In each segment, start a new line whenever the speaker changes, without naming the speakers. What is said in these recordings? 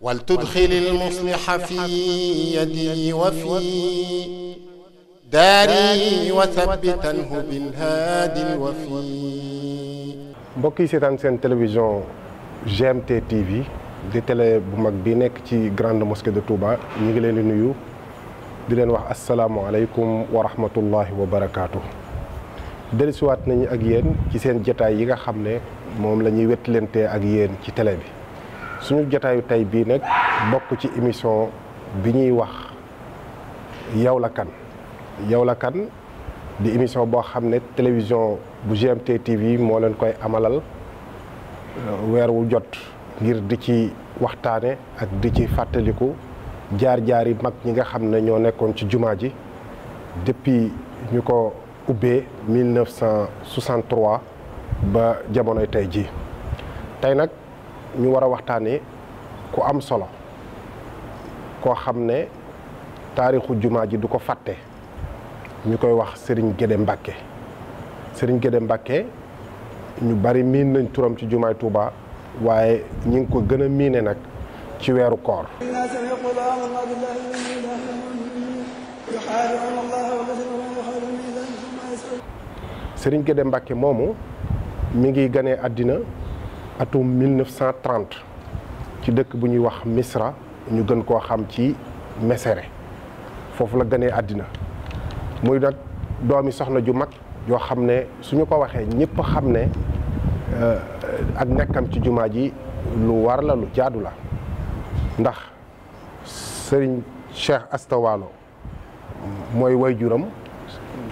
ولتدخل المصلح في يدي وفي daarii wa sabbitanhu bil haadi wafi mbokk yi seetaan seen télévision GMT TV di télé bu mag bi nekk ci grande mosquée de Touba ñu ngi leen di nuyu di leen wax asalaamualeykum wa rahmatullahi wa barakaatu. dellusiwaat nañu ak yéen ci seen jataay yi nga xam ne moom la ñuy wettilantee ak yéen ci tele bi. suñu jotaayu tey bii nag bokk ci émission bi ñuy wax yow la kan yow la kan di émission boo xam ne télévision bu GMT TV moo leen koy amalal euh, weer wu jot ngir di ci waxtaane ak di ci fàttaliku jaar-jaar yi mag ñi nga xam ne ñoo nekkoon ci jumaa ji depuis ñu ko ubbee 1963 ba jamonoy tey ji tey nag ñu war a waxtaanee ku am solo koo xam ne taarixu jumaa ji du ko fàtte ñu koy wax Serigne Guédé Mbacké Serigne Guédé Mbacké ñu bari miin nañ turam ci jumaay tuuba waaye ñu ngi ko gën a miine nag ci weeru koor Serigne Guédé Mbacké moomu mi ngi ganee àddina atum 1930 ci dëkk bu ñuy wax Misra ñu gën koo xam ci Mesere foofu la gënee àddina muy nag doomi soxna ju mag joo xam ne suñu ko waxee ñëpp xam ne euh, ak nekkam ci jumaa ji lu war la lu jaadu la ndax sëriñ Cheikh Astawalo mooy wayjuram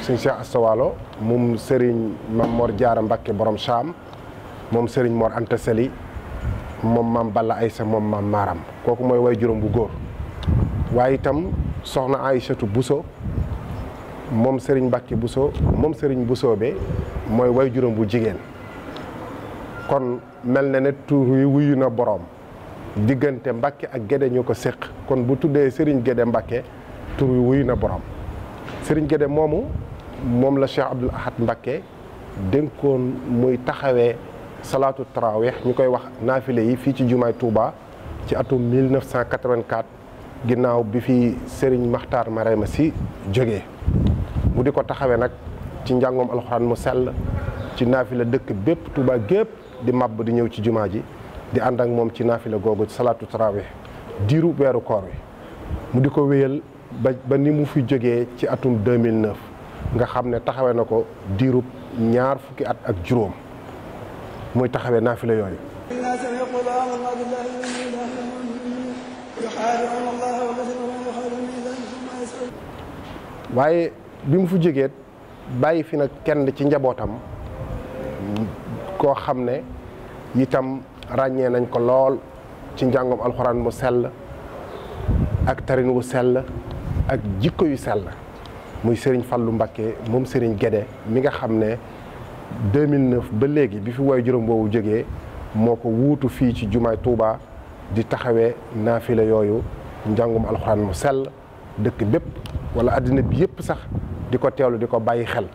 sëriñ Cheikh Astawalo moom sëriñ Mamor Jaara Mbakke borom Saam moom Serigne moor Anta Sali moom maam Balla Aysa moom maam Maaram kooku mooy way juróom bu góor waaye itam soxna ay Aysatu Buso moom Serigne Mbàkke Buso moom sëriñ Buso be mooy way juróom bu jigéen kon mel na ne tuur wi wuyu na boroom diggante Mbàkke ak Gédé ñu ko séq kon bu tuddee Serigne Gédé Mbàkke tuur yi wuyu na boroom Serigne Gédé moomu moom la Cheikh Abdoul Ahad Mbàkke dénkoon muy taxawee salaatu taraweex ñu koy wax naafile yi fii ci jumaay Touba ci atum 1984 ginnaaw bi fi Serigne Makhtar ma si jóge mu di ko taxawee nag ci njàngoom alxuraan mu sell ci naafile dëkk bépp Touba gépp di mab di ñëw ci jumaa ji di ànd ak moom ci naafile googu salaatu taraweex diiru weeru koor wi mu di ko wéyal ba ba ni mu fi jógee ci atum 2009 nga xam ne taxawee na ko diirub ñaar fukki at ak juróom muy taxawee naafila yooyu waaye bi mu fu jógee bàyyi fi nag kenn ci njabootam koo xam ne itam ràññee nañ ko lool ci njàngum alxuraan mu sell ak tarin wu sell ak jikko yu sell muy sëriñ Fallou Mbacké moom sëriñ Guédé mi nga xam ne 2009 ba léegi bi fi waay juróom boobu jógee moo ko wuutu fii ci jumaay Touba di taxawee naafila yooyu njàngum alxuraan mu sel dëkk bépp wala àddina bi yëpp sax di ko teelu di ko bàyyi xel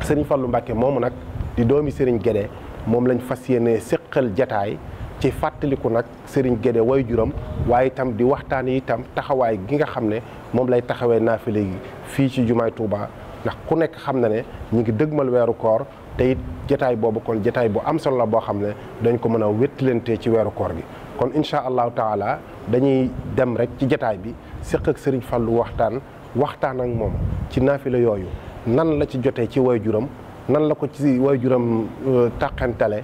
sëriñ Fallou Mbacke moomu nag di doomi sëriñ Guédé moom lañ fas yéene séqal jataay ci fàttaliku nag sëriñ Guédé woy juróom waaye itam di waxtaan itam taxawaay gi nga xam ne moom lay taxawee naafile yi fii ci jumaay Touba ndax ku nekk xam na ne ñu ngi dëgmal weeru koor te it jotaay boobu kon jotaay bu am solo la boo xam ne dañ ko mën a wéttalantee ci weeru koor gi kon incha allahu taala dañuy dem rek ci jotaay bi séq ak Serigne Fallou waxtaan waxtaan ak moom ci naafila yooyu nan la ci jotee ci waajuram nan la ko ci waajuram euh, tàqantale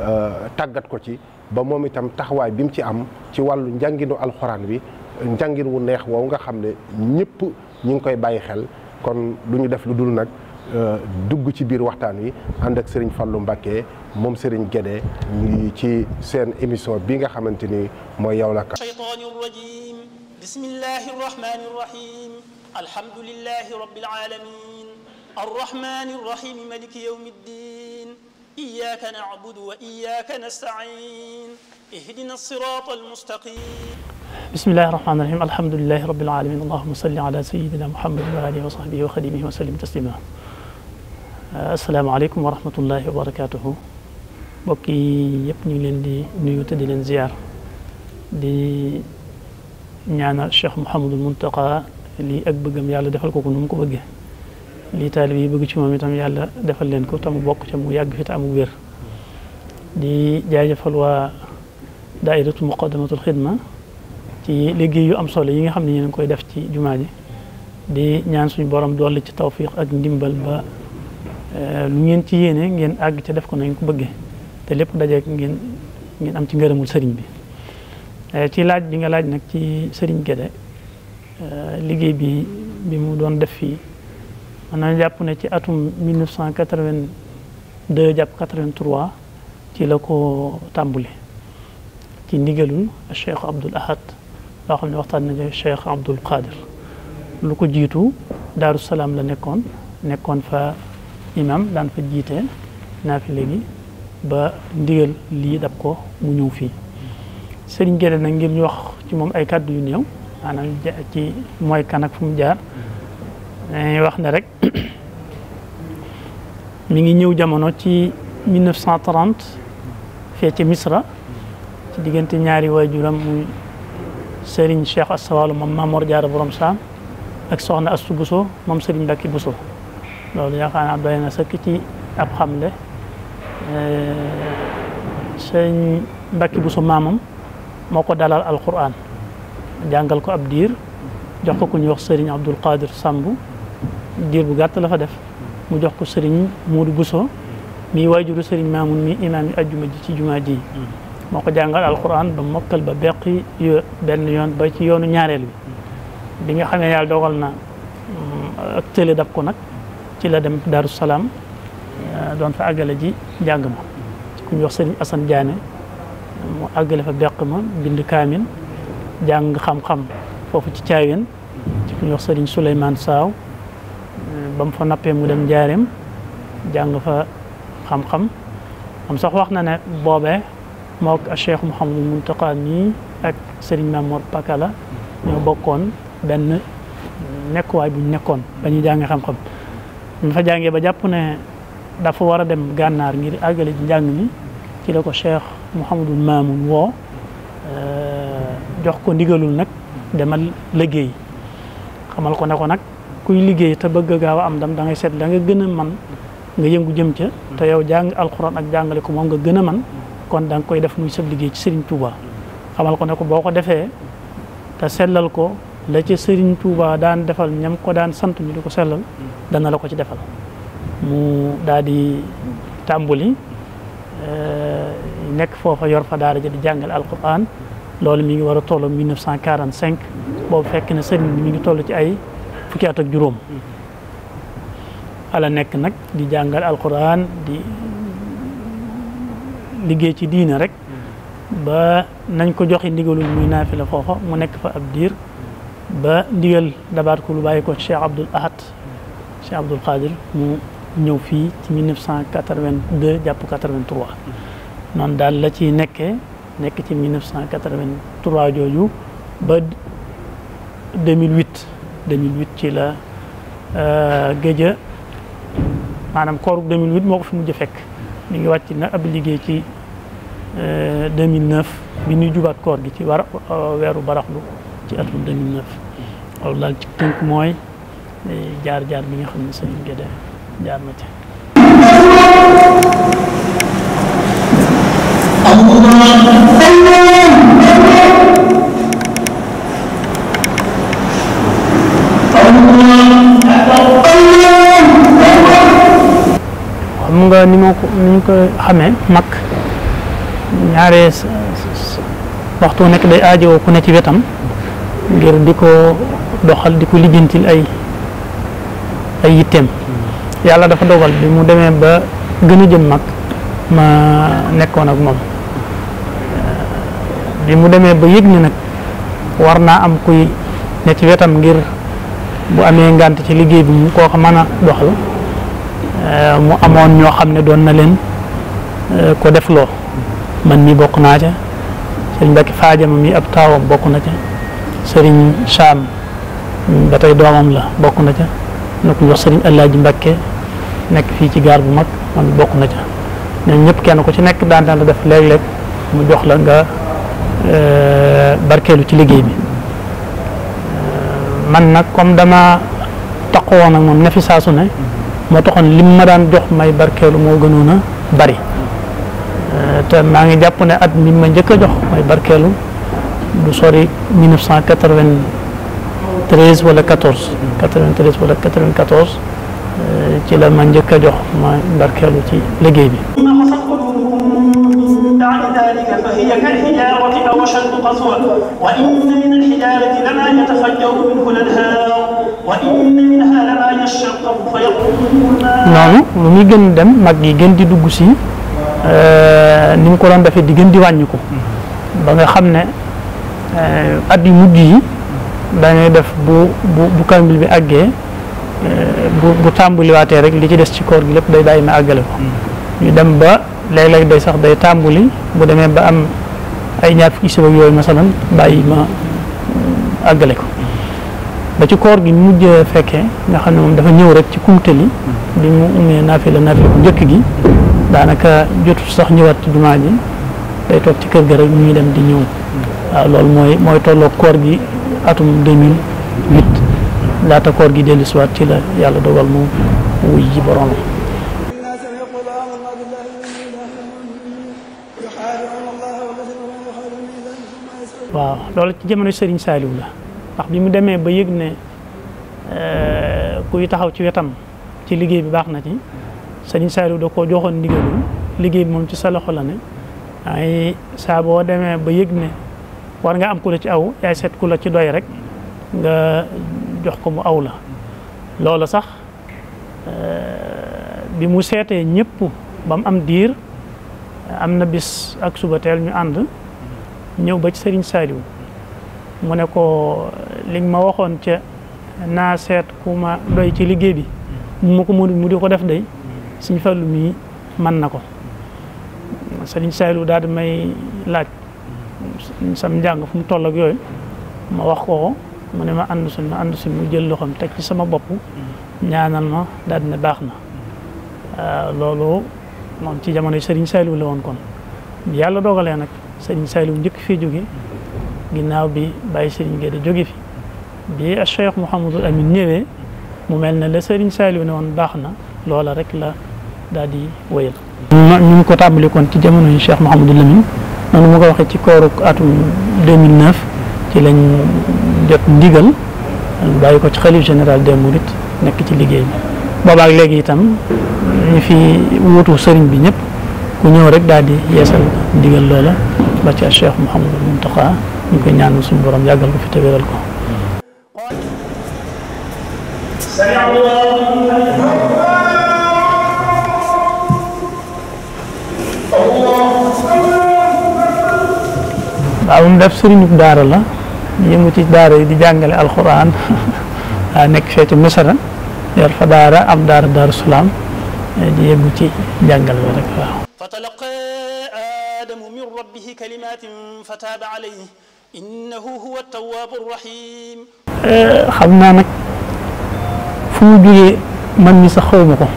euh, tàggat ko ci ba moom itam taxawaay bi mu ci am ci wàllu njànginu alxuraan bi njàngin wu neex woowu nga xam ne ñëpp ñu ngi koy bàyyi xel kon du ñu def lu dul nag Euh, dugg ci biir waxtaan wi ànd ak Serigne Fallou Mbacké moom Serigne Guédé ñu ci seen émission bi nga xamante ni mooy yow la ka shaytaani
rajim bismillahi rahmani rahim alhamdulillahi rabbil alamin arrahmani rahim maliki yawmiddin iyyaka na'budu wa iyyaka nasta'in ihdina as-sirata al-mustaqim bismillahi rahmaani rahim alhamdulilahi rabil alamin allahuma salli ala sayidina muhammadin wa alihi wa sahbihi wa xadimihi wa sallim taslima asalaamaaleykum wa rahmatullahi wa barakaatuhu mbokk yi yëpp ñu ngi leen di nuyu te di leen ziar di ñaanal Cheikh Mouhamadul Muntaqa lii ak bëggam yàlla defal ko ko nu mu ko bëggee lii taalib yi bëgg ci moom tam yàlla defal leen ko te mu bokk ca mu yàgg fi te amu wér di jaajëfal waa daairatu muqaddamatul xidma ci liggéey yu am solo yi nga xam ne ñu ngi koy def ci jumaa ji di ñaan suñu borom dolli ci tawfiq ak ndimbal Euh, lu ngeen ci yéene ngeen àgg ca def ko nañ ko bëgge te lépp dajeek ngeen ngeen am ci ngërëmul sëriñ bi euh, ci laaj bi nga laaj nag ci sëriñ Guédé euh, liggéey bi bi mu doon def fii mën naa jàpp ne ci atum 1982 jàpp 83 ci la ko tàmbuli ci ndigalul Cheikh Abdoul Ahad loo xam ne waxtaan nañu Cheikh Abdoul Qadir lu ko jiitu Daaru Salaam la nekkoon nekkoon imam daan fa jiite naafile léegi ba ndigal lii dab ko mu ñëw fii sëriñ Gédé nag ngir ñu wax ci moom ay kàddu yu néew maanaam ci mooy kan ak mu jaar wax ne rek mi ngi ñëw jamono ci 1930 fee ci Misra ci diggante ñaari waajuram mu sëriñ Cheikh Assawalo moom Mamor Jaara borom Saam ak soxna Astu Buso moom sëriñ Mbàkke Buso loolu yaakaar naa doy na sëkk ci ab xamle eh, sëñ Mbàkke Buso maamam moo ko dalal alquran jàngal ko ab diir jox ko ku ñuy wax sëriñ Abdul Qadir Samb diir bu gàtt la fa def mu jox ko sëriñ Muudu Buso mii waajuru sëriñ Maamun mi imaam yi ajjuma ji ci jumaa ji moo ko jàngal alquran ba mokkal ba beqi yo benn yoon ba ci yoonu ñaareel bi bi nga xamee yàlla dogal na mm, ak tële dab ko nag ci la dem Daaru Salaam euh, doon fa àggale ji njàng ma ku ñuy wax Sëriñ Asan Jaane mu àggale fa beq ma bind kaamin jàng xam-xam foofu ci caaween ci ku ñuy wax Sëriñ Suleymaan Saaw euh, ba mu fa nappee mu dem njaareem jàng fa xam-xam am sax wax na ne boobee mook a Cheikh Mouhamadou Mountakha nii ak Sëriñ Mamour Pakala ñoo bokkoon benn nekkuwaay bu ñu nekkoon ba ñuy jàng xam-xam mu fa jàngee ba jàpp ne dafa war a dem gànnaar ngir àggale ci njàng mi ci la ko cheikh Mouhamadul Mamoun woo euh, jox ko ndigalul nag demal liggéey xamal ko ne ko nag kuy liggéey te bëgg gaaw am dam da ngay seet da nga gën man nga yëngu jëm ca te yow jàng alxuraan ak jàngale ko moom nga gën a man kon dang koy def muy sab liggéey ci Serigne Touba xamal ko ne boo ko defee te sellal ko la ca Serigne Touba daan defal ñam ko daan sant ñu di ko sellal mm. dana la ko ci defal mu daal di tàmbuli eh, nekk foofa yor fa daara ja al jàngale alquran loolu mi ngi war a toll 1945 boobu fekk na Serigne bi mi ngi toll ci ay fukki at juróom ala nekk nag di jàngal alquran di liggéey ci diina rek mm. ba nañ ko joxe ndigalul muy naafi foofa mu nekk fa ab diir ba ndigal dabaat ko lu bàyyi ko Cheikh Abdoul Ahad Cheikh Abdoul Khadir mu ñëw fii ci 1982 jàpp 83 noonu daal la ci nekkee nekk ci 1983 jooju ba 2008 2008 ci la euh, géej maanaam kooru 2008 moo ko fi mujj fekk mi ngi wàcc nag ab liggéey ci 2009 euh, bi ñuy jubaat koor gi ci war euh, weeru baraxlu ci atum 2009 loolu daal ci tënk mooy eh, jaar jaar bi nga xam ne sëriñ Gédé jaar na ci. xam nga ni ma ko ni ñu ko xamee mag ñaare waxtu nekk day aajowoo ku ne ci wetam ngir di ko. doxal di ko lijjantil ay ay yitteem yàlla dafa dogal bi mu demee ba gën a jëm mag ma nekkoon ak moom bi mu demee ba yëg ni nag war naa am kuy ne ci wetam ngir bu amee ngànt ci liggéey bi mu koo xam na a doxal eh, mu amoon ñoo xam ne doon na leen eh, ko def loo man mi bokk naa ca sëriñ Mbacke Fadiama mi ab taawam bokk na ca sëriñ Saam ba tey doomam la bokk na ca na ko jox sëriñ Alaaji Mbàkke nekk fii ci gaar bu mag man bokk na ca ñoom kenn ku ci nekk daan daan def léeg-léeg mu jox la nga euh, barkeelu ci liggéey bi euh, man nag comme dama taqoon ak moom ne fi saasu ne moo taxoon lim ma daan jox may barkeelu moo gënoon a bari euh, te maa ngi jàpp ne at mi ma njëkk a jox may barkeelu du sori 1980 93 wala 14 93 wala 94 euh, ci la ma njëkk a jox ma barkeelu ci liggéey bi وشد قسوة وإن من الحجارة لما يتفجر منه الأنهار وإن منها لما يشقق فيخرج منه الماء noonu lu muy gën dem mag yi gën di dugg si euh, ni mu ko doon defee di gën di wàññi ko mm-hmm. ba nga xam ne euh, at yu mujj yi dañuy def bu bu kambil bi àggee eh, bu bu tàmbuliwaatee rek li ci des ci koor gi lépp day bàyyi ma àggale ko hmm. ñu dem ba léeg-léeg day sax day tàmbuli bu demee ba am ay ñaar fukki suba yooyu masalan bàyyi ma àggale ko ba ci koor gi mujj fekke nga xam ne moom dafa ñëw rek ci kumtali hmm. bi mu umee naafi la naafi bu njëkk gi daanaka jotul sax ñëwaat ci jumaa ji day toog ci kër gi rek ñuy dem di ñëw hmm. waaw mooy tolloog koor gi atum 2008 laata koor gi dellu siwaat ci la yàlla dogal mu wuy ji borom waaw loolu ci jamono Serigne Saliou la ndax bi mu demee ba yëg ne euh, kuy taxaw ci wetam ci liggéey bi baax na ci Serigne Saliou da koo joxoon liggéey bi moom ci sa loxo la ne ay saa boo demee ba yëg ne war nga am ku ci aw yaay seet ku la ci doy rek nga jox ko mu aw la loola sax eh, bi mu seetee ñëpp ba am diir am na bis ak suba teel ñu ànd ñëw ba ci sëriñ Saliou mu ne ko liñ ma waxoon ca naa seet ku ma ci liggéey bi mu ma ko mënul mu di ko def day suñ Fallu mii mën na ko sëriñ Saliou daal di may laaj sam njàng fu mu toll yooyu ma wax koo mu ne ma ànd suñ ma ànd mu jël loxoom teg ci sama bopp ñaanal ma daal ne baax na ah, loolu moom ci jamono Serigne Saliou la woon kon yàlla dogalee nag Serigne Saliou njëkk fii jóge ginnaaw bi bàyyi Serigne Gueye joge fi bi a Cheikh Mouhamadul Amin ñëwee mu mel ne la Serigne Saliou ne woon baax na loola rek la daal di wéyal ñu ngi ko tàmbali kon ci jamono yi Cheikh Mouhamadul Amin noonu ma ko waxee ci kooru atum 2009 ci lañ jot ndigal bàyyi ko ci xalif général des nekk ci liggéey bi boobaak léegi itam ñu fi wutu sëriñ bi ñëpp ku ñëw rek daal di yeesal ndigal loola ba ci Cheikh Mouhamadou Mountakha ñu koy ñaan suñu borom yàggal ko fi te ko waaw mu def sëriñub daara la yëngu ci daara yi di jàngale alxuraan waa nekk fee ci misara yor daara am daara daaru eh, di yëngu ci jàngale bi rek waaw fatalaqa aadamu min rabbihi kalimatin fataaba alayhi innahu huwa tawaabu rahim eh, xam naa nag fu mu man mi sax xawma ko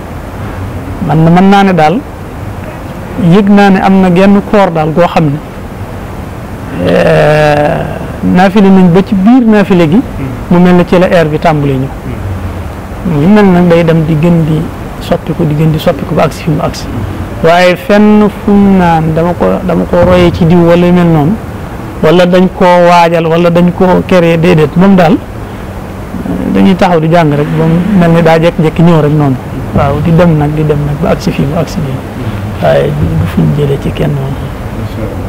man na mën naa ne daal yëg naa ne am na genn koor daal goo xam ne Euh, naafile nañ ba ci biir naafile gi hmm. mu mel na ci la air bi tàmbali ñu hmm. ñu mel nag day dem di gën di soppiku di gën di soppiku ba agsi fi mu agsi waaye fenn fu naan dama ko dama ko royee ci diw wala mel noonu wala dañ koo waajal wala dañ ko keree déedéet moom daal euh, dañuy taxaw di jàng rek mel ni daa jekk-jekki ñëw rek noonu hmm. waaw di dem nag di dem nag ba agsi fi mu agsi nii waaye du fuñ jëlee ci kenn moom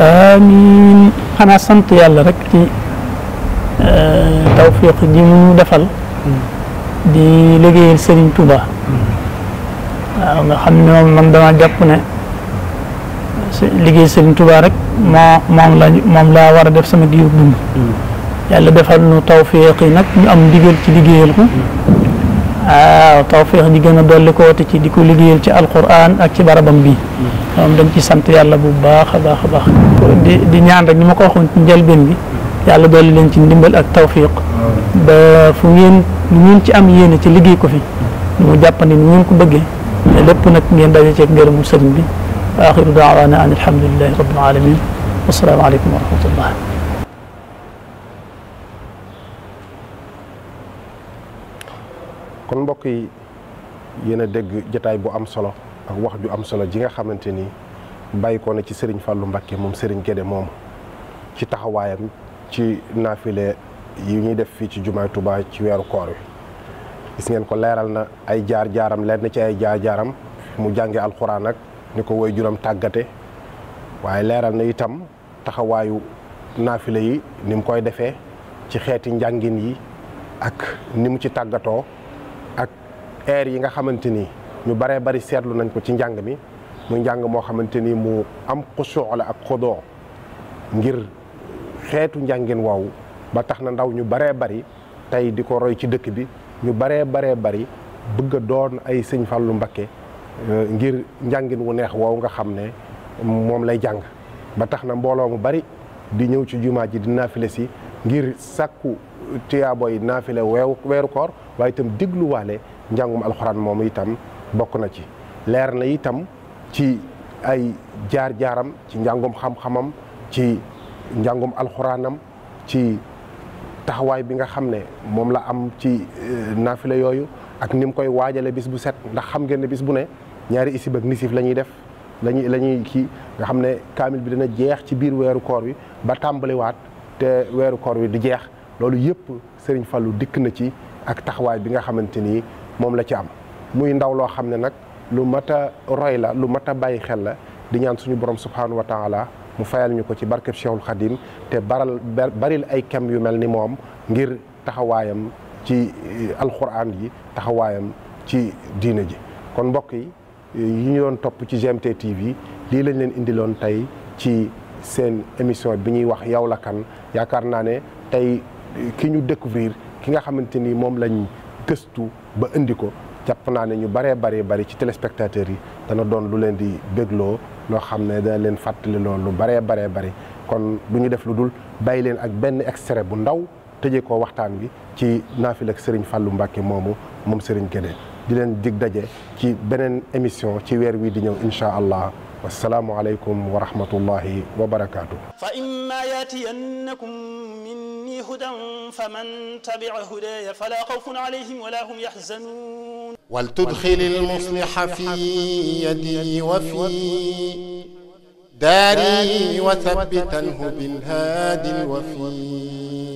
amiin xanaa sant yàlla rek ci euh, tawfiq ji mu defal mm. di liggéeyal Serigne Touba mm. waaw nga xam ne moom man dama jàpp ne liggéey Serigne tubaa rek moo moom la laa war a def sama diir dund mm. yàlla defal nu tawfiq nag ñu am ndigal ci liggéeyal ko waaw tawfiq ji gën a dolli ko te ci di ko liggéeyal ci alquran ak ci barabam bi moom dañ ci sant yàlla bu baax a baax a baax di di ñaan rek ni ma ko waxoon ci njëlbeen bi yàlla dolli ne ci ndimbal ak tawfiq ba fu ngeen ci am yéene ci liggéey ko fi mu jàppandi ni ngeen ko bëggee lépp nag ngeen daje ceeg ngërëmu sëriñ bi axiru daawaana an alhamdulilahi rabbil alamin wasalaamu aleykum wa rahmatullah
kon mbokk yi yéen a dégg jataay bu am solo ak wax ju am solo ji nga xamante ni bàyyi ko na ci Serigne Fallou Mbacké moom Serigne Guédé moom ci taxawaayam ci naafile yi ñuy def fii ci jumaay Touba ci weeru koor wi gis ngeen ko leeral na ay jaar jaaram leer na ci ay jaar jaaram mu jànge alxuraan ak ni ko woy juram tàggate waaye leeral na itam taxawaayu naafile yi ni mu koy defee ci xeeti njàngin yi ak ni mu ci tàggatoo ak air yi nga xamante ni ñu baree bari seetlu nañ ko ci njàng mi muy njàng moo xamante ni mu am xusuu ak xodoo ngir xeetu njàngin woowu ba tax na ndaw ñu baree bari tey di ko roy ci dëkk bi ñu baree baree bari bëgg a doon ay sëñ Fàllu Mbakke euh, ngir njàngin wu neex woowu nga xam ne moom lay jàng ba tax na mbooloo mu bari di ñëw ci jumaa ji di naafile si ngir sàkku tiyaabo yi naafile weeru weeru koor waaye itam digluwaale njàngum alxuraan moomu itam bokk na ci leer na itam ci ay jaar-jaaram ci njàngum xam-xamam ci njàngum alxuraanam ci taxawaay bi nga xam ne moom la am ci eh, naafila yooyu ak ni mu koy waajale bis bu set ndax xam ngeen ne bis bu ne ñaari isib ak nisif la ñuy def lañuy la ñuy kii nga xam ne kaamil bi dina jeex ci biir weeru koor wi ba tàmbaliwaat te weeru koor wi di jeex loolu yëpp Serigne falu dikk na ci ak taxawaay bi nga xamante ni moom la ci am muy ndaw loo xam ne nag lu mat a roy la lu mat a bàyyi xel la di ñaan suñu borom subhaanahu wa taala mu fayal ñu ko ci barkeb Cheikhul Khadim te baral baril ay kem yu mel ni moom ngir taxawaayam ci eh, alxuraan yi taxawaayam ci diine ji kon mbokk yi eh, yi ñu doon topp ci GMT TV lii lañ leen indiloon tey ci seen émission bi ñuy wax yow la kan yaakaar naa ne tey eh, ki ñu découvrir ki nga xamante ni moom lañ gëstu ba indi ko jàpp naa ne ñu baree bari bari ci téléspectateurs yi dana doon lu leen di bégloo loo xam ne dana leen fàttali loolu lu baree baree bari kon du ñu def lu dul bàyyi leen ak benn extrait bu ndaw tëje ko waxtaan wi ci naafila ak Serigne Fallou Mbacké moomu moom Serigne Guédé di leen dig daje ci beneen émission ci weer wii di ñëw incha allah. wassalaamu aleykum wa rahmatullahi wa barakaatu fa
imma yatiyannakum minni hudan faman tabi'a hudaya fala xawfun alayhim wala hum
yahzanun wal tudxilil musliha fi yadi wa fi daari wa thabbitanhu bil haadi al
wafi